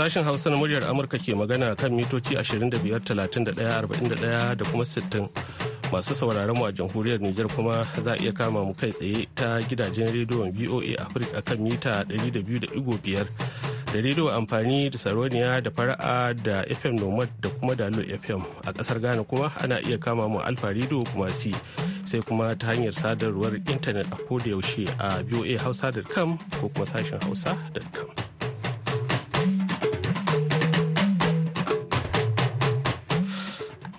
Sashen Hausa na muryar Amurka ke magana kan mitoci 25,31,41 da kuma 60. Masu sauraron mu a jamhuriyar niger kuma za a iya kama mu kai tsaye ta gidajen rediyon VOA Africa kan mita 200.5 da rediyo amfani da saroniya da fara'a da FM Nomad da kuma Dalo FM. A kasar Ghana kuma ana iya kama mu Alfa rediyo kuma si sai kuma ta hanyar sadarwar intanet a koda yaushe a hausa.com ko kuma sashen hausa.com.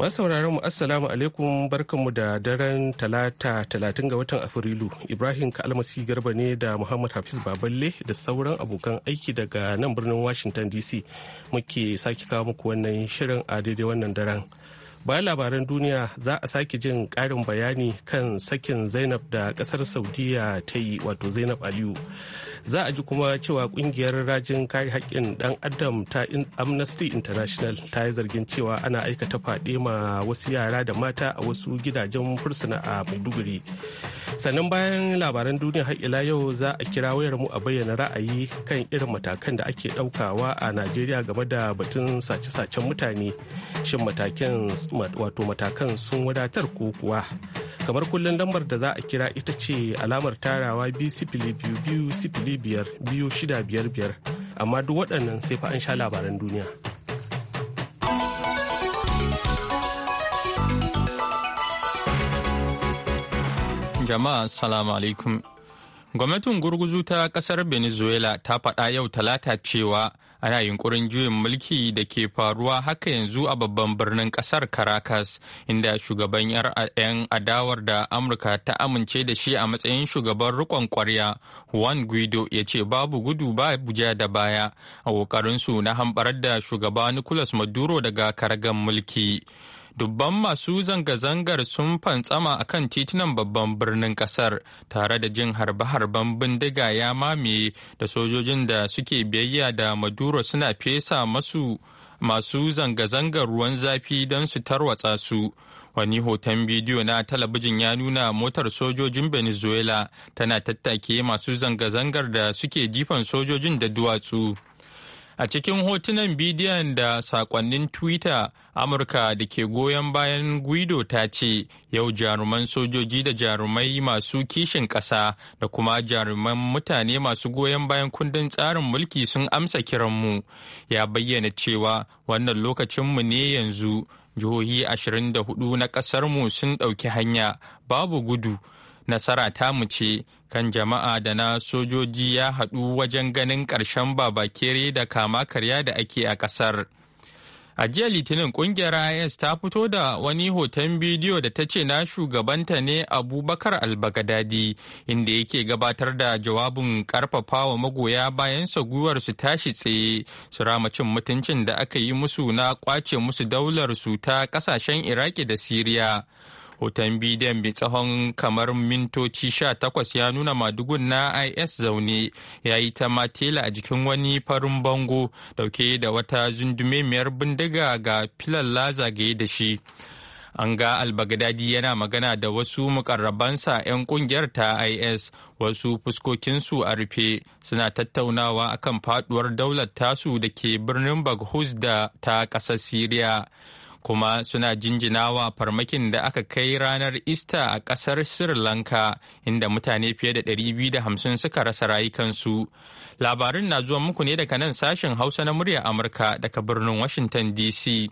sauraron mu assalamu alaikum barkanmu da daren talata talatin ga watan afrilu ibrahim kalmasi garba ne da muhammad hafiz baballe da sauran abokan aiki daga nan birnin washington dc muke sake kawo muku wannan shirin a daidai wannan daren bayan labaran duniya za a sake jin karin bayani kan sakin zainab da kasar saudiya ta yi wato zainab aliyu za a ji kuma cewa kungiyar rajin kare haƙƙin dan adam ta amnesty international ta yi zargin cewa ana aikata fade ma wasu yara da mata a wasu gidajen fursuna a maiduguri sannan bayan labaran duniya har ila yau za a kira wayar mu a bayyana ra'ayi kan irin matakan da ake ɗaukawa a najeriya game da batun sace-sacen mutane shin matakan wato matakan sun wadatar ko kuwa kamar kullum lambar da za a kira ita ce alamar tarawa biyu sifili biyu biyu sifili biyar biyu shida biyar biyar amma duk waɗannan sai fa an sha labaran duniya. Jama'a Assalamu alaikum. Gwamnatin gurguzu ta kasar Venezuela ta faɗa yau talata cewa ana yunkurin juyin mulki da ke faruwa haka yanzu a babban birnin kasar Caracas inda shugaban yar 'yan adawar da Amurka ta amince da shi a matsayin shugaban rikon kwarya Juan Guido ya ce babu gudu ba buja da baya a su na hambarar da shugaba Nicolas Maduro daga kargan mulki. dubban masu zanga-zangar sun fantsama a kan titunan babban birnin kasar tare da jin harbe-harben bindiga ya mamaye da sojojin da suke biyayya da maduro suna fesa masu masu zanga-zangar ruwan zafi don su tarwatsa su wani hoton bidiyo na talabijin ya nuna motar sojojin venezuela tana tattake masu zanga-zangar da suke jifan sojojin da duwatsu. A cikin hotunan bidiyon da sakonnin Twitter, Amurka da ke goyon bayan Guido ta ce, yau jaruman sojoji da jarumai masu kishin ƙasa da kuma jaruman mutane masu goyon bayan kundin tsarin mulki sun amsa kiranmu. Ya bayyana cewa wannan lokacinmu ne yanzu, jihohi 24 na ƙasarmu sun ɗauki hanya, babu gudu. nasara ta mu ce kan jama'a da na sojoji ya haɗu wajen ganin ƙarshen babakere da kama karya da ake a ƙasar. A jiya Litinin ƙungiyar IS ta fito da wani hoton bidiyo da ta ce na shugabanta ne Abubakar Albagadadi inda yake gabatar da jawabin ƙarfafawa magoya bayansa gwiwar su tashi tsaye su rama cin mutuncin da aka yi musu na ƙwace musu daular su ta ƙasashen Iraki da Siriya. hoton bidiyon mai tsawon kamar mintoci sha takwas ya nuna madugun na is zaune ya yi ta matela a jikin wani farin bango dauke da wata miyar bindiga ga filalla zagaye da shi an ga albagadadi yana magana da wasu mukarrabansa 'yan kungiyar ta is wasu fuskokinsu a rufe suna tattaunawa akan faduwar daular tasu da ke birnin baghuz da ta ƙasar syria kuma suna jinjinawa farmakin da aka kai ranar Ista a ƙasar Sri Lanka inda mutane fiye da 250 suka rasa rayukansu. Labarin na zuwa muku ne daga nan sashen Hausa na murya Amurka daga birnin Washington DC.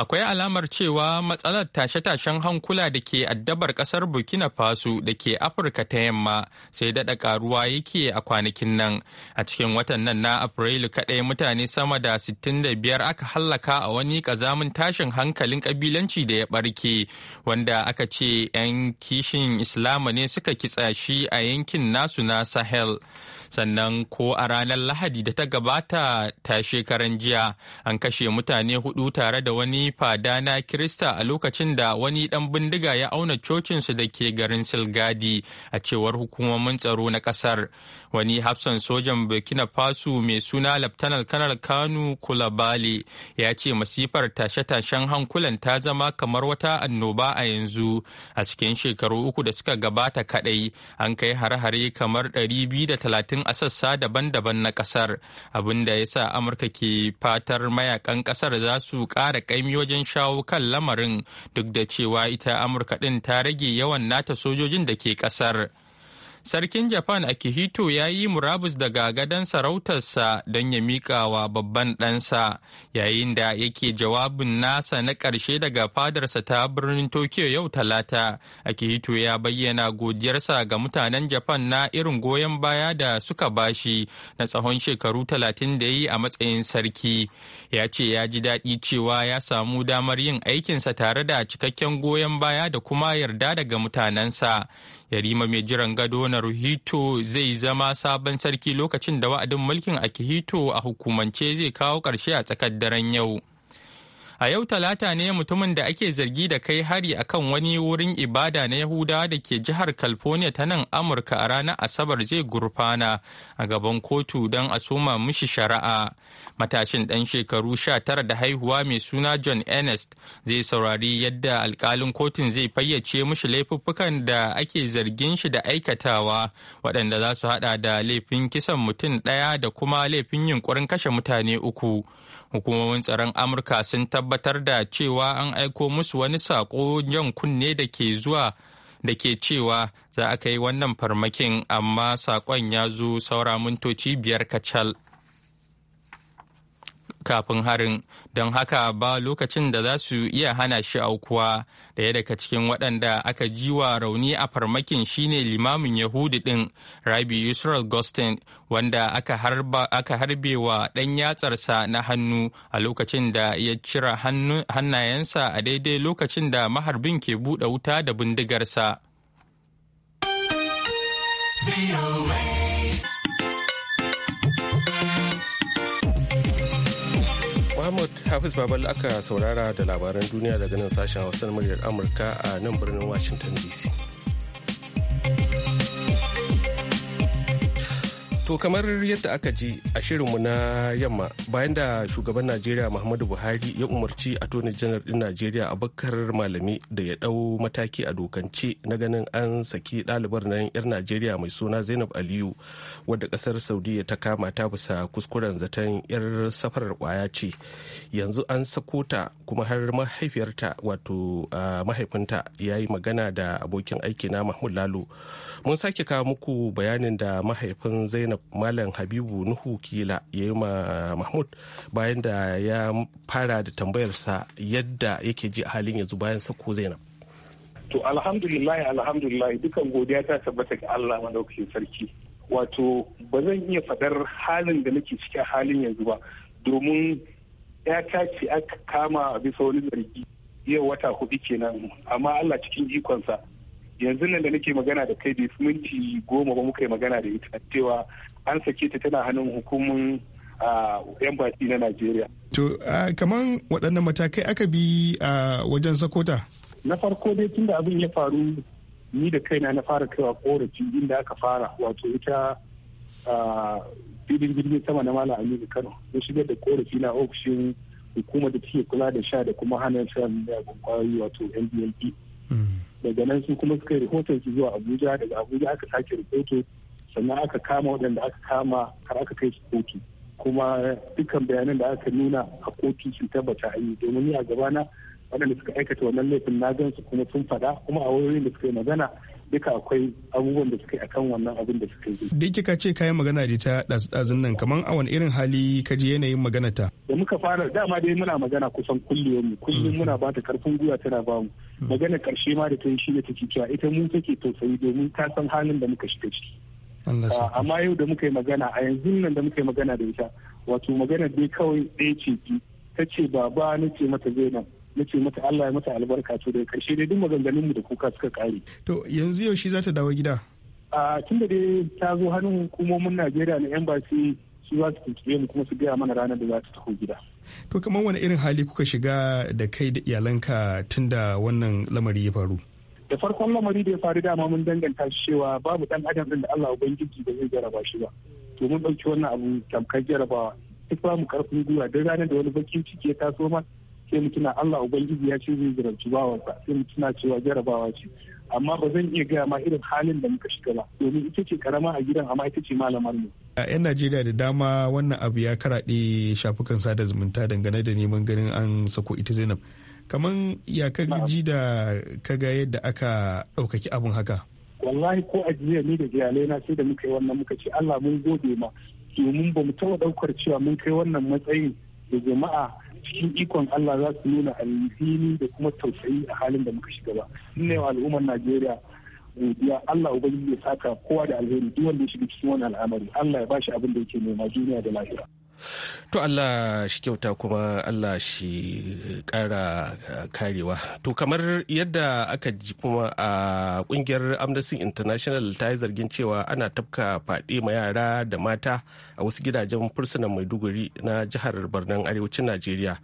akwai alamar cewa matsalar tashe-tashen hankula da ke addabar kasar burkina faso da ke afirka ta yamma sai daɗa ƙaruwa yake a kwanakin nan a cikin watan nan na afrilu kaɗai mutane sama da 65 aka hallaka a wani ƙazamin tashin hankalin ƙabilanci da ya ɓarke wanda aka ce 'yan kishin islama ne suka kitsa shi a yankin nasu na sahel sannan ko a ranar lahadi da ta gabata ta shekaran jiya an kashe mutane hudu tare da wani fada na kirista a lokacin da wani dan bindiga ya auna cocinsu da ke garin silgadi a cewar hukumomin tsaro na kasar wani hafsan sojan burkina faso mai suna laftanar kanar kanu kulabale ya ce masifar tashe-tashen hankulan ta zama kamar wata annoba a yanzu a cikin shekaru uku da suka gabata kadai an kai hare-hare kamar 230 cikin a sassa daban-daban na kasar abinda ya sa amurka ke fatar mayakan kasar za su ƙara ƙaimi wajen shawo kan lamarin duk da cewa ita amurka ɗin ta rage yawan nata sojojin da ke kasar. Sarkin Japan Akihito ya yi murabus daga gadon sarautarsa don ya miƙa wa babban ɗansa yayin da yake jawabin nasa na ƙarshe daga fadarsa ta birnin Tokyo yau talata. Akihito ya bayyana godiyarsa ga mutanen Japan na irin goyon baya da suka bashi na tsawon shekaru talatin da yi a matsayin sarki. Ya ce ya ji daɗi cewa ya samu damar yin aikinsa tare da cikakken goyon baya da kuma yarda daga mutanensa. yarima mai jiran gado na ruhito zai zama sabon sarki lokacin da wa'adin mulkin akihito a hukumance zai kawo ƙarshe a tsakar daren yau A yau talata ne mutumin da ake zargi da kai hari a kan wani wurin ibada na Yahudawa da ke jihar California ta nan Amurka a ranar Asabar zai gurfana a gaban kotu don a soma mishi shari'a. Matashin dan shekaru sha tara da haihuwa mai suna John Ernest zai saurari yadda alkalin kotun zai fayyace mishi laifuffukan da ake zargin shi da aikatawa waɗanda za su hada da laifin kisan mutum ɗaya da kuma laifin yunkurin kashe mutane uku. hukumomin tsaron amurka sun tabbatar da cewa an aiko musu wani saƙo jan kunne da ke zuwa da ke cewa za a kai wannan farmakin amma saƙon ya zo saura mintoci biyar kacal. kafin harin don haka ba lokacin da za su iya hana shi aukuwa daya daga cikin waɗanda aka jiwa rauni a farmakin shine limamin yahudi ɗin rabi israel gostin wanda aka harbe wa ɗan yatsarsa na hannu a lokacin da ya cira hannayensa a daidai lokacin da maharbin ke buɗe wuta da bindigarsa. Ahmad Hafiz Babal aka saurara da labaran duniya daga nan sashen Hausa na muryar Amurka a nan birnin Washington DC. To kamar yadda aka ji a shirinmu na yamma bayan da shugaban Najeriya Muhammadu Buhari ya umarci Attorney janar din Najeriya a bakar Malami da ya dau mataki a dokance na ganin an saki dalibar nan 'yar Najeriya mai suna Zainab Aliyu wadda ƙasar Saudiya ta kama ta bisa kuskuren zaton 'yar safarar kwaya ce. Yanzu an sako ta kuma har mahaifiyarta wato ah, mahaifinta ya yi magana da abokin aiki na Mahmud Lalo. mun sake kawo muku bayanin da mahaifin zainab malam habibu nuhu kila ya yi ma mahmud bayan da ya fara da tambayarsa yadda yake ji a halin yanzu bayan sako zainab to alhamdulillahi alhamdulillahi dukan godiya ta tabbata ga allah madaukakin sarki wato ba zan iya faɗar halin da nake cikin halin yanzu ba domin ya ce aka kama bisa wani zargi yau wata hudu kenan amma allah cikin ikonsa yanzu nan da nake magana da kai bai minti goma ba muka yi magana da ita cewa an sake ta tana hannun hukumun yan baki na najeriya to kamar waɗannan matakai aka bi a wajen sakota na farko dai tunda abin ya faru ni da kaina na fara kaiwa korafi inda aka fara wato ita filin jirgin sama na malam aminu kano ya shigar da korafi na ofishin hukumar da take kula da sha da kuma hana shan miyagun kwayoyi wato ndlp daga nan su kuma suka yi rahoton su zuwa abuja daga abuja aka sake rahoto sannan aka kama waɗanda aka kama har aka kai su kotu kuma dukkan bayanan da aka nuna a kotu sun tabbata a yi domin ni a gabana waɗanda suka aikata wannan laifin na gan su kuma sun faɗa kuma a wayoyin da suka yi magana duka akwai abubuwan da suke yi akan wannan abin da suke yi. Duk kika ce kayan magana da ta ɗazu-ɗazun nan kamar a irin hali ka ji yanayin magana ta. Da muka fara dama dai muna magana kusan kullum mu kullum mm. muna ba ta karfin gwiwa tana ba mu. Mm. Magana karshe ma da ta yi shi ne take cewa ita mun take tausayi domin ta san halin da muka shiga ciki. Ah, amma yau da muka yi magana a yanzu nan da muka yi magana da ita wato magana dai kawai ɗaya ce ta ce baba na ce mata Zainab ce mata Allah ya mata albarka to daga karshe dai duk maganganun mu da kuka suka kare to yanzu yaushe za ta dawo gida a tun da dai ta zo hannun hukumomin Najeriya na embassy su za su tuntuɓe mu kuma su gaya mana ranar da za ta taho gida to kamar wani irin hali kuka shiga da kai da iyalanka tun da wannan lamari ya faru da farkon lamari da ya faru dama mun danganta shi cewa babu dan adam ɗin da Allah ubangiji da zai jaraba shi ba to mun dauki wannan abu tamkar jarabawa duk ba mu karfin gwiwa duk ranar da wani bakin ciki ya taso ma sai tuna Allah ubangiji ya ce zai jarabci bawansa sai mu tuna cewa jarabawa ce amma ba zan iya gaya ma irin halin da muka shiga ba domin ita ce karama a gidan amma ita ce malamar mu a 'yan najeriya da dama wannan abu ya karaɗe shafukan sada zumunta dangane da neman ganin an sako ita zainab kaman ya ka ji da ka ga yadda aka ɗaukaki abun haka wallahi ko a jiya ni da iyalai na sai da muka yi wannan muka ce allah mun gode ma domin ba mu taɓa ɗaukar cewa mun kai wannan matsayin da jama'a cikin ikon Allah za su nuna alhini da kuma tausayi a halin da muka shiga ba ne wa al'ummar Najeriya godiya Allah ubangiji ya saka kowa da alheri duk wanda ya shiga cikin wani al'amari Allah ya bashi abin da yake nema duniya da lahira To Allah shi kyauta kuma Allah shi kara eh, karewa. To kamar yadda aka ji kuma a kungiyar Amnesty International ta yi zargin cewa ana tafka faɗi ma yara da mata a wasu gidajen fursunan Maiduguri na jihar Barnan Arewacin Najeriya.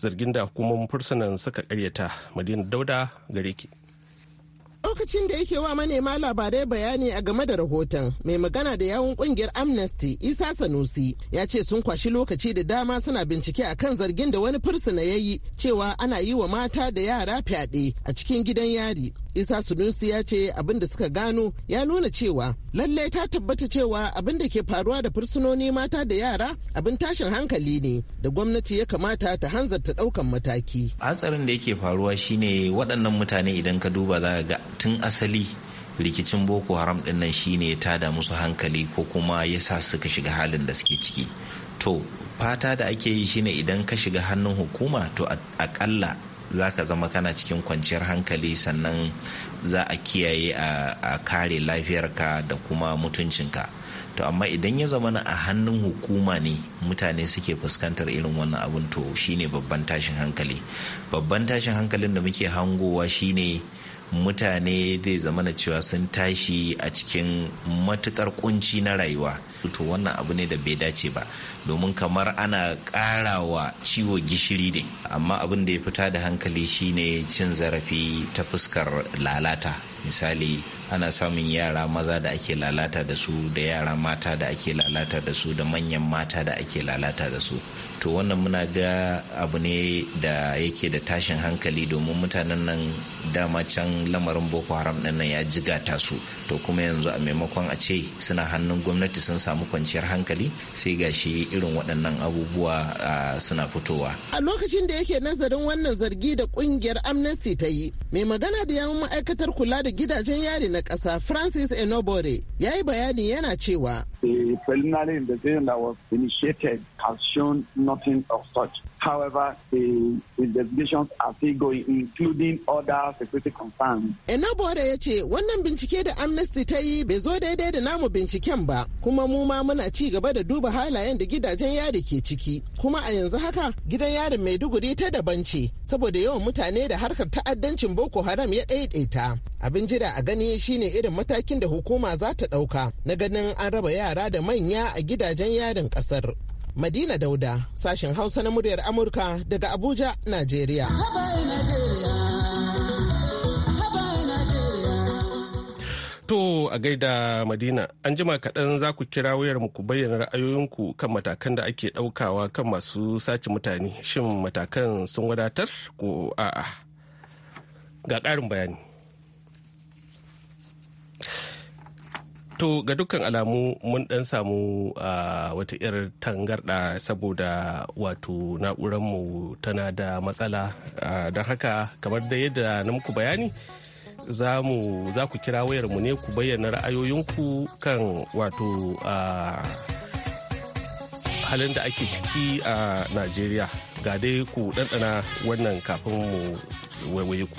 Zargin da hukumomin fursunan suka karyata. Madina Dauda gare ki. lokacin da yake wa manema labarai bayani a game da rahoton mai magana da yawun kungiyar amnesty isa sanusi ya ce sun kwashi lokaci da dama suna bincike akan zargin da wani fursuna ya yi cewa ana yi wa mata da yara fyaɗe a cikin gidan yari isa sunusi ya ce abin da suka gano ya nuna cewa lallai ta tabbata cewa abin da ke faruwa da fursunoni mata da yara abin tashin hankali ne da gwamnati ya kamata ta hanzarta daukan mataki hatsarin da yake faruwa shine waɗannan mutane idan ka duba za ga tun asali rikicin boko haram din shine ya da musu hankali ko kuma ya sa suka shiga halin da suke ciki to fata da ake yi shine idan ka shiga hannun hukuma to akalla za ka zama kana cikin kwanciyar hankali sannan za a kiyaye a kare lafiyarka da kuma mutuncinka to amma idan ya zama a hannun hukuma ne mutane suke fuskantar irin wannan abin to shine babban tashin hankali babban tashin hankalin da muke hangowa shine mutane zai zama na cewa sun tashi a cikin matukar kunci na rayuwa to wannan abu ne da bai dace ba domin kamar ana ƙarawa ciwo gishiri ne amma abin da ya fita da hankali shine cin zarafi ta fuskar lalata misali ana samun yara maza da ake lalata da su da yara mata da ake lalata da su da manyan mata da ake lalata da su to wannan muna ga abu ne da yake da tashin hankali domin mutanen nan dama can lamarin boko haram ɗin nan ya jigata su to kuma yanzu a maimakon a ce suna hannun gwamnati sun samu kwanciyar hankali sai gashi irin waɗannan abubuwa suna fitowa. A lokacin da yake nazarin wannan zargi da ƙungiyar Amnesty ta yi, mai magana da yawun ma'aikatar kula da gidajen yari na ƙasa Francis Enobore ya yi bayani yana cewa. The preliminary investigation that was initiated has shown nothing of such. However, the investigations are still going, including other security concerns. Enabora ya ce wannan bincike da Amnesty ta yi bai zo daidai da namu binciken ba, kuma mu ma muna ci gaba da duba halayen da gidajen yari ke ciki. Kuma a yanzu haka gidan yarin Maiduguri ta daban ce, saboda yawan mutane da harkar ta'addancin Boko Haram ya ɗaiɗaita. Abin jira a gani shine irin matakin da hukuma za ta ɗauka na ganin an raba yara da manya a gidajen yarin ƙasar. Madina Dauda, sashen Hausa na muryar Amurka daga Abuja, Najeriya. To a gaida Madina, an jima kaɗan za ku kira mu ku bayyana ra'ayoyinku kan matakan da ake ɗaukawa kan masu sace mutane. Shin matakan sun wadatar ko a'a? Ga ƙarin bayani. To ga dukkan alamu mun dan samu wata irin tangarda saboda wato na'uranmu tana da matsala don haka kamar da yadda na muku bayani za ku kira wayarmu ne ku bayyana ra'ayoyinku kan wato halin da ake ciki a Najeriya ga dai ku ɗanɗana wannan kafin mu waiwaye ku.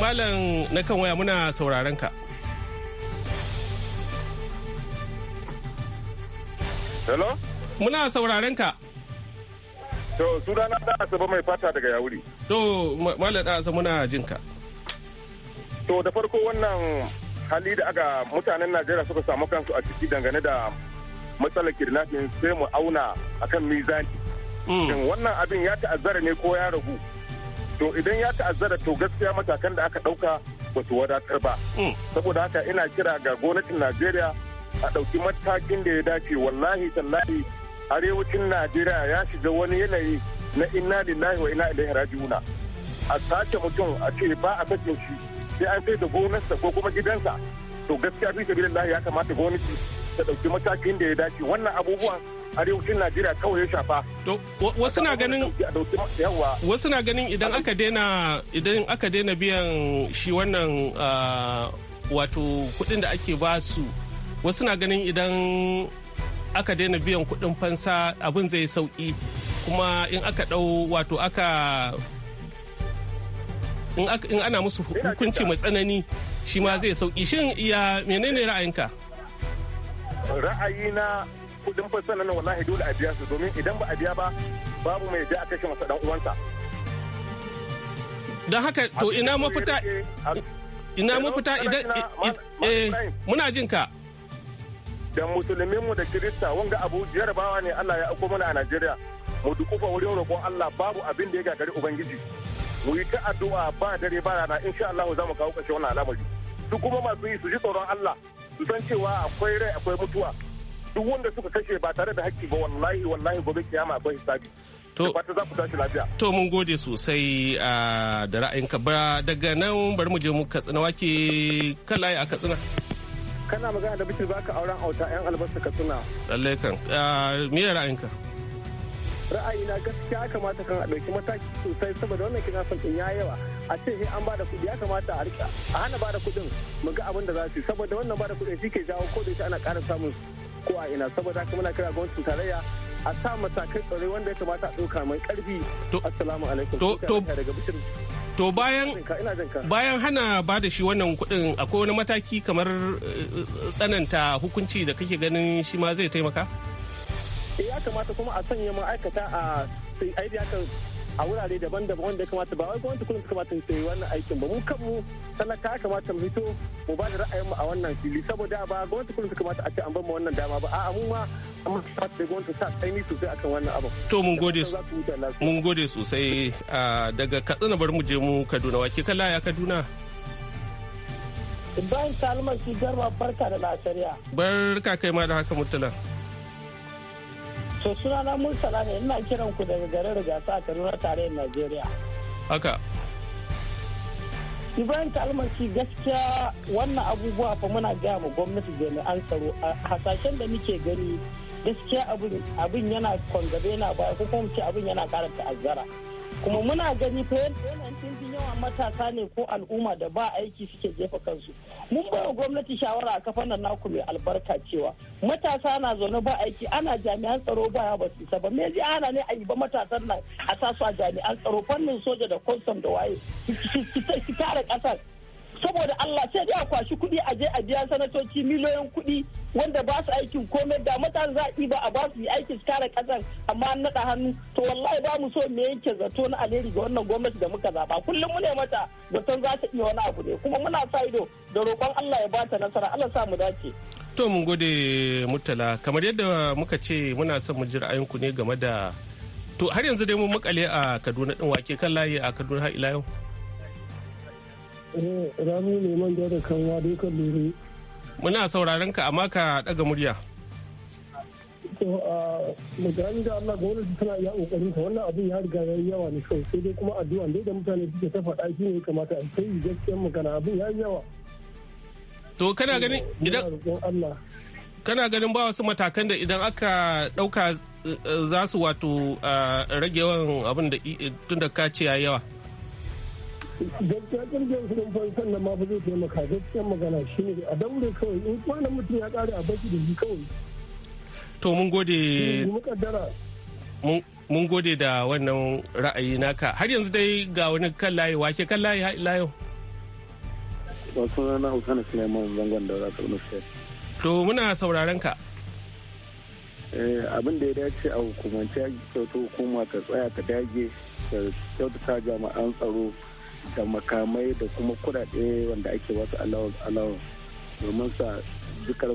malam na kan waya muna sauraron ka. Hello? Muna sauraron ka. To, sunana da asaba mai fata daga yawuri. To, malam da asaba muna jin ka. To, da farko wannan hali da aga mutanen Najeriya suka samu kansu a ciki dangane da matsalar kidnapping sai mu auna akan mizani. Mm. Shin wannan abin ya ta'azzara ne ko ya ragu? to idan ya ta'azzara to gaskiya matakan da aka ɗauka ba su wadatar ba hmm. saboda haka ina kira ga gwamnatin najeriya a ɗauki matakin da ya dace wallahi tallahi arewacin najeriya ya shiga wani yanayi na inna lillahi wa inna ilaihi raji'una a sace mutum a ce ba a sakin shi sai an kai da gonarsa ko kuma gidansa to gaskiya fi sabilillahi ya kamata gwamnati ta ɗauki matakin da ya dace wannan abubuwan arewacin Najeriya kawai ya shafa. To wasu na ganin wasu na ganin idan aka daina idan aka biyan shi wannan wato kuɗin da ake ba su wasu na ganin idan aka daina biyan kuɗin fansa abin zai sauki kuma in aka ɗau wato aka in ana musu hukunci mai tsanani shi ma zai sauki shin iya menene ra'ayinka ra'ayina kudin fasa nan wallahi dole a biya su domin idan ba a biya ba babu mai da a masa dan uwansa don haka to ina mafita ina mafita idan eh, muna jin ka da musulmin mu da kirista wanga abu jarabawa ne Allah ya auko mana a Najeriya mu dukufa wurin roƙon Allah babu abin da ya gari ubangiji mu yi ta addu'a ba dare ba rana insha Allah za mu kawo kashe wannan al'amari su kuma masu yi su ji tsoron Allah su san cewa akwai rai akwai mutuwa duk wanda suka kashe ba tare da hakki ba wallahi wallahi gobe kiyama akwai hisabi To, to mun gode sosai a da ra'ayinka ba daga nan bari mu je mu katsina wake kalaye a katsina. Kana magana da bishir baka auren auta 'yan albasa katsina. Lallai kan, me da ra'ayinka? Ra'ayina gaskiya kamata kan a ɗauki mataki sosai saboda wannan kina son in yayi yawa. a ce sai an bada kuɗi ya kamata a rika a hana bada kuɗin mu ga abin da za su saboda wannan bada kudin shi ke jawo ko da ana ƙara samun ko a ina saboda haka muna kira gwamnatin tarayya a sa matakai tsare wanda ya kamata a ɗauka mai ƙarfi assalamu alaikum to bayan bayan hana ba da shi wannan kuɗin akwai wani mataki kamar eh, eh, tsananta hukunci da kake ganin shi ma zai taimaka eh, ya kamata kuma a sanya ma'aikata a aidi a wurare daban-daban wanda ya kamata ba wai gwamnati kullum kamata ta yi wannan aikin ba mu kanmu talaka kamata mu fito mu ba da ra'ayinmu a wannan fili saboda ba gwamnati kullum kamata a ce an bar mu wannan dama ba a'a mu ma amma kamata gwamnati sa tsaini sosai akan wannan abin to mun gode mun gode sosai daga Katsina bari mu je mu Kaduna wake kala ya Kaduna Ibrahim Salman ki garba barka da lasariya. Barka kai ma da haka mutula. To sunana Murtala ne ina kiran ku daga garin Rigasa a Kaduna tarayyar Najeriya. Haka. Ibrahim Kalmasi gaskiya wannan abubuwa fa muna gaya ma gwamnati jami'an tsaro a hasashen da muke gani gaskiya abin yana kwangabe yana baya ko kuma ce abin yana kara ta'azzara. kuma muna gani fa yanayin ɗimbin yawan matasa ne ko al'umma da ba aiki suke jefa kansu mun bai wa gwamnati shawara a kafan nan naku mai albarka cewa matasa na zaune ba aiki ana jami'an tsaro ba ya basu isa ba me zai ana ne a yi ba matasan nan a sa su a jami'an tsaro fannin soja da kwansam da waye su tara ƙasar saboda Allah sai dai a kwashi kuɗi a je a biya sanatoci miliyoyin kuɗi wanda ba su aikin komai da mutane za a ba a ba su yi aikin su kare ƙasar amma an naɗa hannu to wallahi ba mu so me yake zato na alheri ga wannan gwamnati da muka zaɓa kullum mu ne mata zaton za ta iya wani abu ne kuma muna sa ido da roƙon Allah ya ba ta nasara Allah sa mu dace. To mun gode Murtala kamar yadda muka ce muna son mu ji ra'ayinku ne game da to har yanzu dai mun makale a Kaduna ɗin wake kan layi a Kaduna har ila yau. Eh, Ramu ne da kanwa dai kan lere. Muna sauraron ka amma ka daga murya. To a mutane da Allah gwamnati tana iya ƙoƙarin ka wannan abin ya riga ya yi yawa ne kawai sai dai kuma addu'a ne da mutane suke ta faɗa shi ne kamata a sai gaskiyar magana abin ya yi yawa. To kana ganin idan kana ganin ba wasu matakan da idan aka ɗauka eh, eh, za su wato rage yawan abin da tun da ka ce ya yi yawa. gaskiya kirgin su don fahimtar nan ma ba zai taimaka gaskiyan magana shi ne a daure kawai in kwanan mutum ya kare a baki da shi kawai to mun gode mun gode da wannan ra'ayi naka har yanzu dai ga wani kan layi wake kan layi layo ila yau ba sunana Usman Suleiman zangon da wadatar Nusayar. To muna sauraron ka. Eh, abin da ya dace a hukumance kyautu hukuma ta tsaya ta dage ta kyautata jami'an tsaro da makamai da kuma kudade wanda ake wasu alawar domin sa duka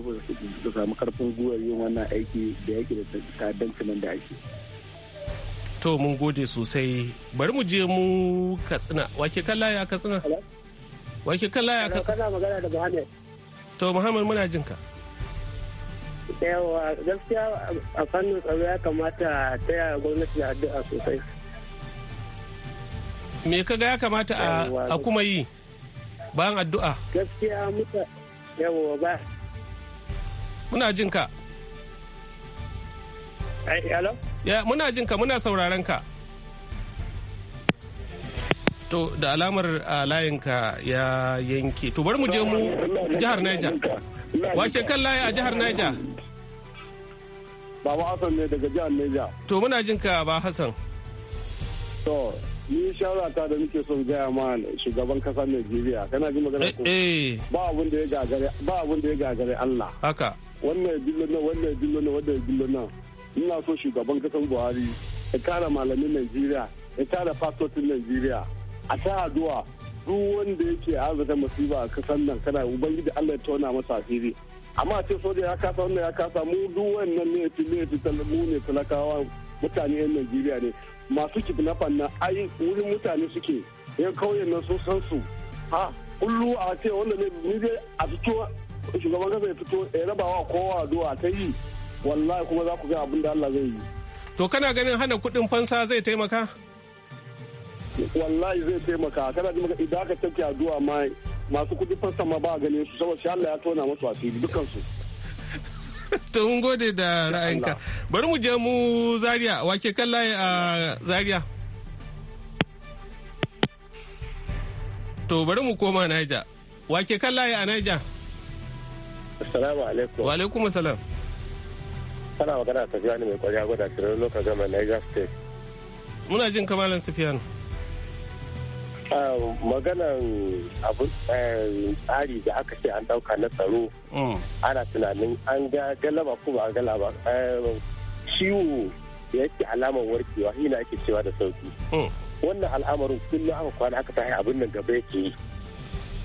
da samu karfin guwar yin wannan aiki da yake da tadanci nan da ake to mun gode sosai bari mu je mu katsina wake kalla ya katsina wake kalla ya katsina magana da muhammad to muhammad muna jin ka yawa gaskiya a fannin tsaro ya kamata ta yaya gwamnati da addu'a sosai me kaga ya kamata a kuma yi bayan addu'a gaskiya muka yawa ba muna jin ka ya muna jin ka muna sauraron ka to da alamar layinka ya yanke to bari mu je mu jihar Niger washe kan layi a jihar Niger ba Hassan ne daga jihar Niger to muna jin ka ba Hassan to ni shawara ta da nake son gaya ma shugaban kasar Najeriya kana ji magana ko eh, eh. ba abun da ya gagare ba abun da ya gagare Allah haka wannan dillo nan wannan dillo nan wannan dillo na ina so shugaban kasar Buhari ya kara malamin Najeriya ya kara fasotin Najeriya a ta addu'a duk wanda yake arzata masiba a kasar nan kana ubangiji Allah ya tona masa asiri amma ce soja ya kasa wannan ya kasa mu duk wannan ne ya fi ne ya fi mu ne talakawa mutane 'yan najeriya ne masu kidnapping na ai wurin mutane suke yan kauyen nan sun san su ha kullu a ce wanda ne ni dai a fito shugaban kasa ya fito ya raba wa kowa zuwa ta yi wallahi kuma za ku ga abin da Allah zai yi to kana ganin hana kudin fansa zai taimaka wallahi zai taimaka kana ji maka idan aka tafi addu'a ma masu kudin fansa ma ba ganin su saboda shi Allah ya tona masu asiri dukansu to mun gode da ra'ayinka bari mu je mu zaria wake kan layi a zaria to bari mu koma naija wake kan layi a naija assalamu alaikum wa alaikum assalam kana magana ta ne mai kwarya gwada shirin lokacin gama naija state muna jin kamalan sufiyan maganan abin eh, tsari da aka ce an dauka na tsaro mm. ana tunanin an ga galaba ko ba galaba eh, ciwo da yake alamar warkewa shi ne ake cewa da sauki mm. wannan al'amarin kullum aka kwana aka tashi abin nan gaba yake yi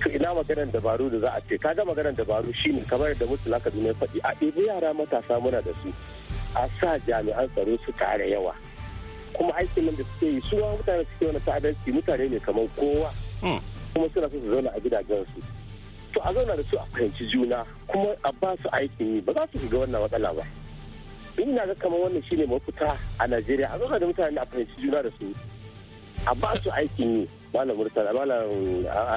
to ina maganar dabaru da za a ce kaga maganar dabaru shi ne kamar yadda mutum aka ya faɗi a ɗebi yara matasa muna da su a sa jami'an tsaro su tare yawa kuma aikin nan da suke yi su mutane suke wani ta'adanci mutane ne kamar kowa hmm. kuma suna su zauna a su. to a zauna da su a fahimci juna kuma a ba su aikin yi ba za su shiga wannan matsala ba ina ga kamar wannan shine mafita a najeriya a zauna da mutane a fahimci juna da su a ba su aikin yi malam murtala malam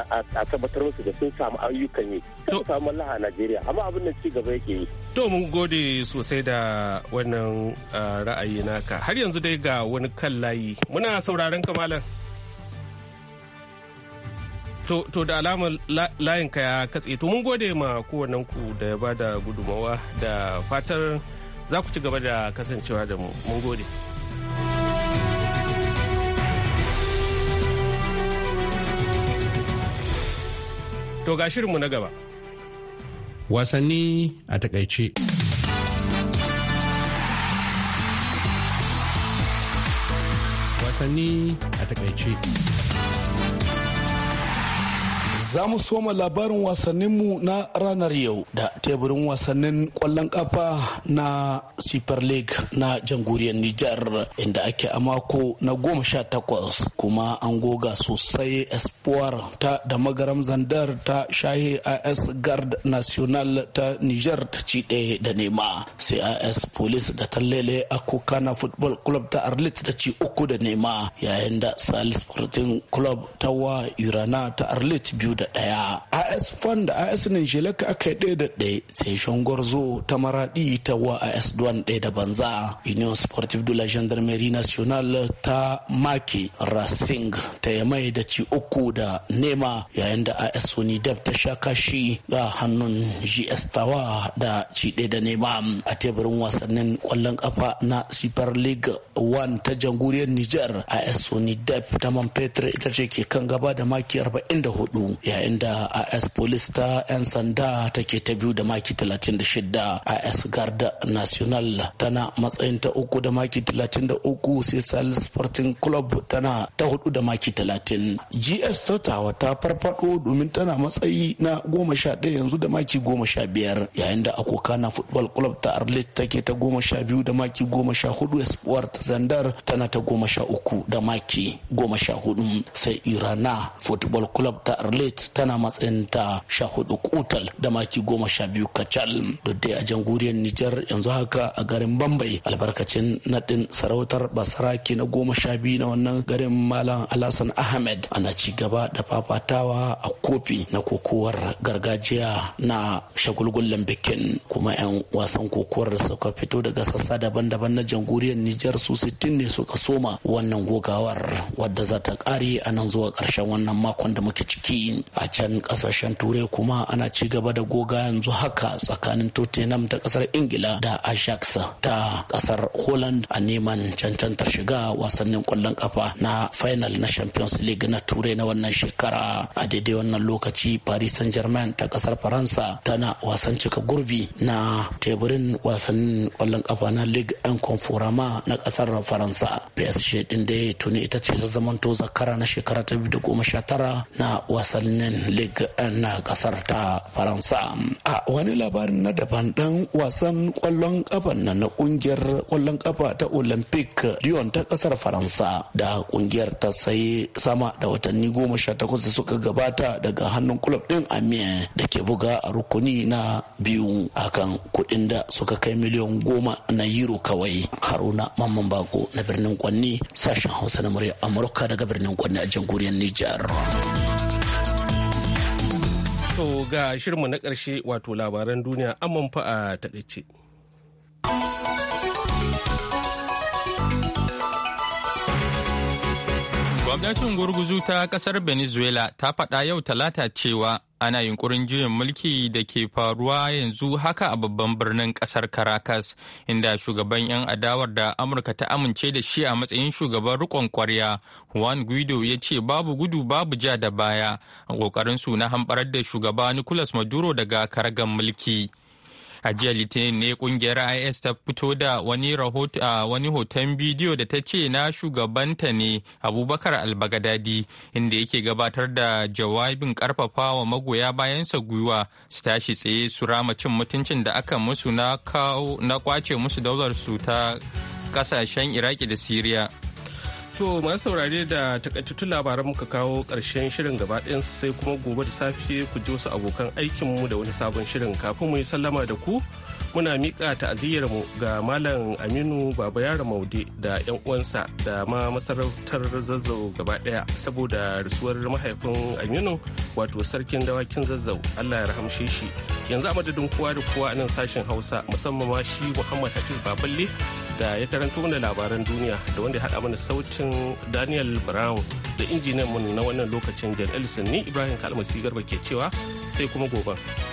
a tabbatar musu da sun samu ayyukan yi sun samu mallaha a najeriya amma abin da ci gaba yake yi to mun gode sosai da wannan ra'ayi naka har yanzu dai ga wani kan layi muna sauraron ka malam to, da alamar layin ka ya katse to mun gode ma kowannen ku da ya bada gudumawa da fatar za ku ci gaba da kasancewa da mu mun gode. To ga shirinmu na gaba. Wasanni a takaice. Wasanni a takaice. Za mu soma labarin wasanninmu na ranar yau da teburin wasannin kwallon kafa na Super League na jamhuriyar Nijar inda ake a mako na goma sha takwas kuma an goga sosai Espoir ta da magaram zandar ta shaye AS Guard National ta Nijar ta ci ɗaya da nema sai AS Police da tallele na Football Club ta Arlit ta ci uku da nema yayin da Salis Sporting Club ta wa Urana ta Arlit biyu da da ɗaya as fan da as ninjilaka aka yi ɗaya da ɗaya sai shangwarzo ta maraɗi ta wa as duwan ɗaya da banza union sportive de la gendarmerie nationale ta maki racing ta yamai da ci uku da nema yayin da A as dab ta sha kashi ga hannun gs tawa da ci ɗaya da nema a teburin wasannin ƙwallon ƙafa na super league one ta jamhuriyar niger as dab ta man petra ita ce ke kan gaba da maki 44 yayin da as police ta 'yan sanda take ta biyu da maki 36 as guard national tana matsayin ta uku da maki 33 sai sporting club tana ta hudu da maki 30 gs totawa ta farfado domin tana matsayi na 11 yanzu da maki 15 yayin da akokana football club ta arlet take ta 12 da maki 14 espoir ta zandar tana ta 13 da maki 14 sai irana football club ta arlet tana matsayin ta sha hudu kutal da maki goma sha biyu kacal. Duk dai a jamhuriyar Nijar yanzu haka a garin Bambai albarkacin naɗin sarautar Basaraki na goma sha biyu na wannan garin Malam Alhassan Ahmed ana ci gaba da fafatawa a kofi na kokowar gargajiya na shagulgullen bikin kuma 'yan wasan kokowar da suka fito daga sassa daban-daban na jamhuriyar Nijar su sittin ne suka soma wannan gogawar wadda za ta kare a nan zuwa ƙarshen wannan makon da muke ciki a can kasashen turai kuma ana ci gaba da goga yanzu haka tsakanin tottenham ta kasar ingila da ajax ta kasar holland a neman cancantar shiga wasannin kwallon kafa na final na champions league na turai na wannan shekara a daidai wannan lokaci paris saint germain ta kasar faransa tana wasan cika gurbi na teburin wasannin kwallon kafa na league en conforama na kasar faransa psg din dai tuni ita ce ta zamanto zakara na shekara ta tara na wasannin birnin Ligue na kasar ta Faransa. A wani labarin na daban dan wasan kwallon kafa na na kungiyar kwallon kafa ta Olympic Lyon ta kasar Faransa da kungiyar ta sai sama da watanni goma sha takwas da suka gabata daga hannun kulob din Amiens da ke buga a rukuni na biyu akan kuɗin da suka kai miliyan goma na euro kawai. Haruna Mamman Bako na birnin Kwanni sashen Hausa na murya Amurka daga birnin Kwanni a jamhuriyar Nijar. To ga shirinmu na ƙarshe wato labaran duniya amman fa a taƙaice. Gwamnatin gurguzu ta kasar Venezuela ta faɗa yau talata cewa ana yunkurin juyin mulki da ke faruwa yanzu haka a babban birnin kasar Caracas inda shugaban 'yan adawar da Amurka ta amince da shi a matsayin shugaban rikon kwarya Juan Guido ya ce babu gudu babu ja da baya a kokarin su na hamɓarar da shugaba Nicolas Maduro daga karagan mulki. a jiya litinin ne kungiyar is ta fito da wani hoton bidiyo da ta ce na shugabanta ne abubakar albagadadi inda yake gabatar da jawabin karfafa wa magoya bayansa gwiwa su tashi tsaye su rama cin mutuncin da aka musu na kwace musu daular su ta kasashen iraki da siriya To masu saurare da takaitattun labaran muka kawo ƙarshen shirin gaba sai kuma gobe da safe ku ji wasu abokan aikinmu da wani sabon shirin kafin mu yi sallama da ku muna miƙa ta'aziyyar mu ga Malam Aminu Baba Yara Maude da 'yan uwansa da ma masarautar zazzau gaba ɗaya saboda rasuwar mahaifin Aminu wato sarkin dawakin zazzau Allah ya rahamshe shi yanzu a madadin kowa da kowa a nan sashen Hausa musamman ma shi Muhammad Hafiz Baballe da ya karanto mana labaran duniya da wanda ya haɗa mana sautin Daniel Brown da injiniyan mu na wannan lokacin Jan Ellison ni Ibrahim Kalmasi Garba ke cewa sai kuma gobe.